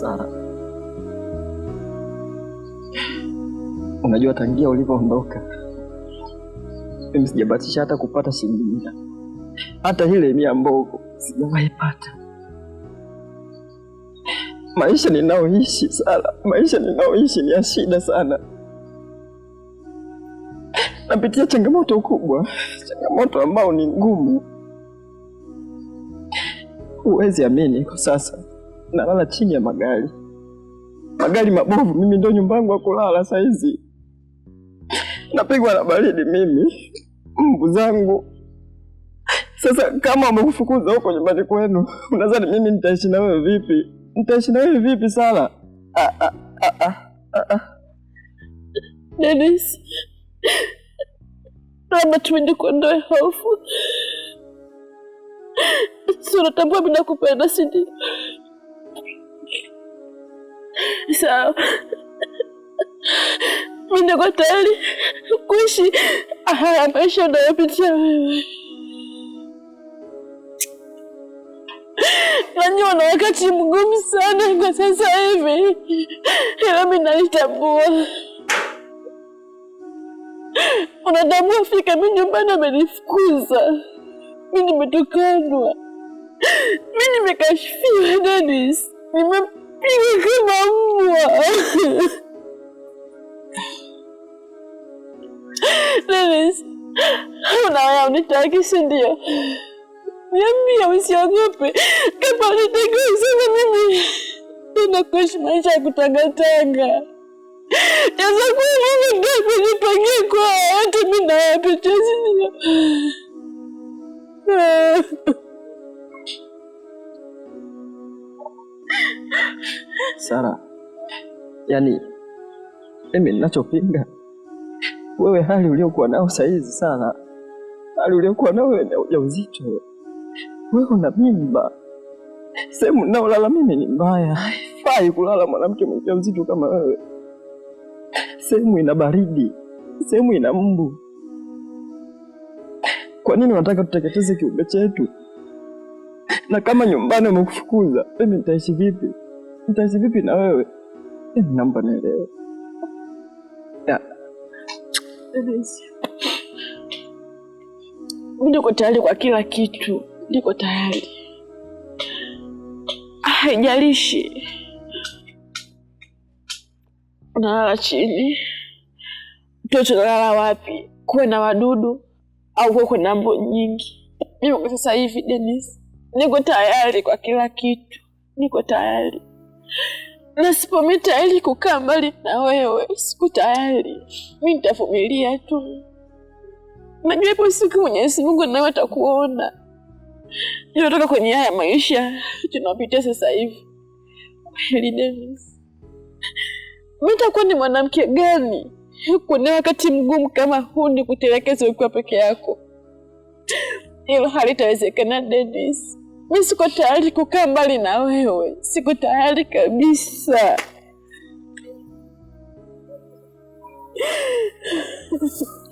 sana. Unajua, tangia ulivyoondoka mimi sijabatisha hata kupata shilingi mia, hata ile mia mbogo sijawahi pata. Maisha ninaoishi Sara, maisha ninaoishi ni ya shida sana. Napitia changamoto kubwa, changamoto ambao ni ngumu, huwezi amini kwa sasa nalala chini ya magari, magari mabovu. Mimi ndo yangu ya kulala saizi, napigwa na baridi mimi, mbu zangu. Sasa kama wamekufukuza huko nyumbani kwenu, unadhani mimi nitaishi na wewe vipi? Nitaishi na wewe vipi? Sala, ah, ah, ah, Dennis, labda tuende kuondoa hofu. Si unatambua mi nakupenda, si ndio? sawa. Mimi niko tayari kuishi haya maisha unayopitia wewe. Najua yaani na wakati mgumu sana kwa sasa hivi, ila mimi nalitambua. Unatambua fika, mimi nyumbani amenifukuza, mimi nimetukanwa, mimi nimekashifiwa Dennis, nime 你干嘛我？Deniz, unayamnitaki si ndio? ya kutangatanga. Yazakuwa Sara, yani mimi ninachopinga wewe, hali uliokuwa nao saizi Sara, hali uliokuwa nao wewe na ujauzito, wewe una mimba, sehemu naolala mimi ni mbaya, haifai kulala mwanamke mwenye ujauzito kama wewe. Sehemu ina baridi, sehemu ina mbu. Kwa nini wanataka tuteketeze kiumbe chetu? na kama nyumbani umekufukuza mimi nitaishi vipi? Nitaishi vipi na wewe? Naomba nielewe. Niko tayari kwa kila kitu, niko tayari, ah, haijalishi unalala chini, mtoto unalala wapi, kuwe na wadudu au kuwe na mbu nyingi. Mimi kwa sasa hivi Denise Niko tayari kwa kila kitu, niko tayari na sipo mi tayari kukaa mbali na wewe, siku tayari mi nitavumilia tu. Najua ipo siku Mwenyezi Mungu nawe atakuona. Toka kwenye haya maisha tunapitia sasa hivi, mi nitakuwa ni mwanamke gani kuna wakati mgumu kama huu ni kutelekeza ukiwa peke yako? Hilo halitawezekana Dennis mi siko tayari kukaa mbali na wewe, siko tayari kabisa.